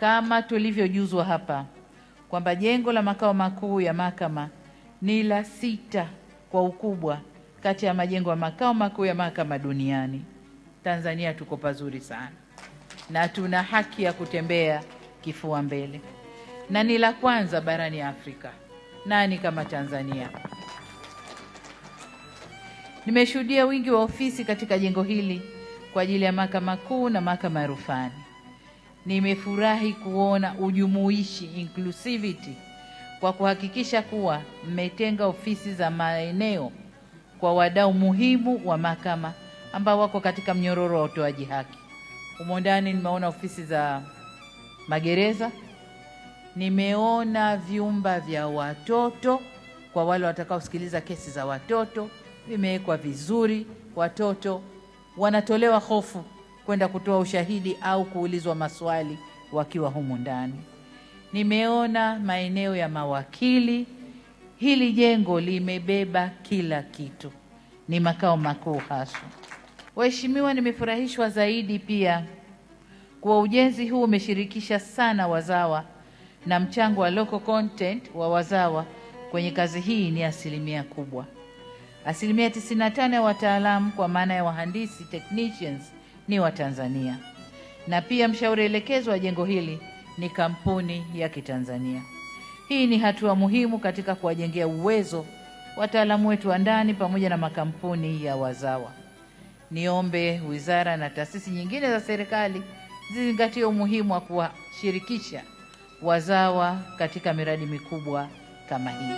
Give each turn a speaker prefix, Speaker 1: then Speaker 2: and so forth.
Speaker 1: Kama tulivyojuzwa hapa kwamba jengo la makao makuu ya mahakama ni la sita kwa ukubwa kati ya majengo ya makao makuu ya mahakama duniani. Tanzania tuko pazuri sana, na tuna haki ya kutembea kifua mbele, na ni la kwanza barani Afrika. Nani kama Tanzania? Nimeshuhudia wingi wa ofisi katika jengo hili kwa ajili ya mahakama kuu na mahakama ya rufani. Nimefurahi kuona ujumuishi inclusivity kwa kuhakikisha kuwa mmetenga ofisi za maeneo kwa wadau muhimu wa mahakama ambao wako katika mnyororo wa utoaji haki. Humo ndani nimeona ofisi za magereza, nimeona vyumba vya watoto kwa wale watakaosikiliza kesi za watoto, vimewekwa vizuri, watoto wanatolewa hofu kwenda kutoa ushahidi au kuulizwa maswali wakiwa humu ndani. Nimeona maeneo ya mawakili. Hili jengo limebeba kila kitu, ni makao makuu haswa. Waheshimiwa, nimefurahishwa zaidi pia kuwa ujenzi huu umeshirikisha sana wazawa na mchango wa local content wa wazawa kwenye kazi hii ni asilimia kubwa, asilimia 95 ya wataalamu kwa maana ya wahandisi technicians ni Watanzania, na pia mshauri elekezo wa jengo hili ni kampuni ya Kitanzania. Hii ni hatua muhimu katika kuwajengea uwezo wataalamu wetu wa ndani pamoja na makampuni ya wazawa. Niombe wizara na taasisi nyingine za serikali zizingatie umuhimu wa kuwashirikisha wazawa katika miradi mikubwa kama hii.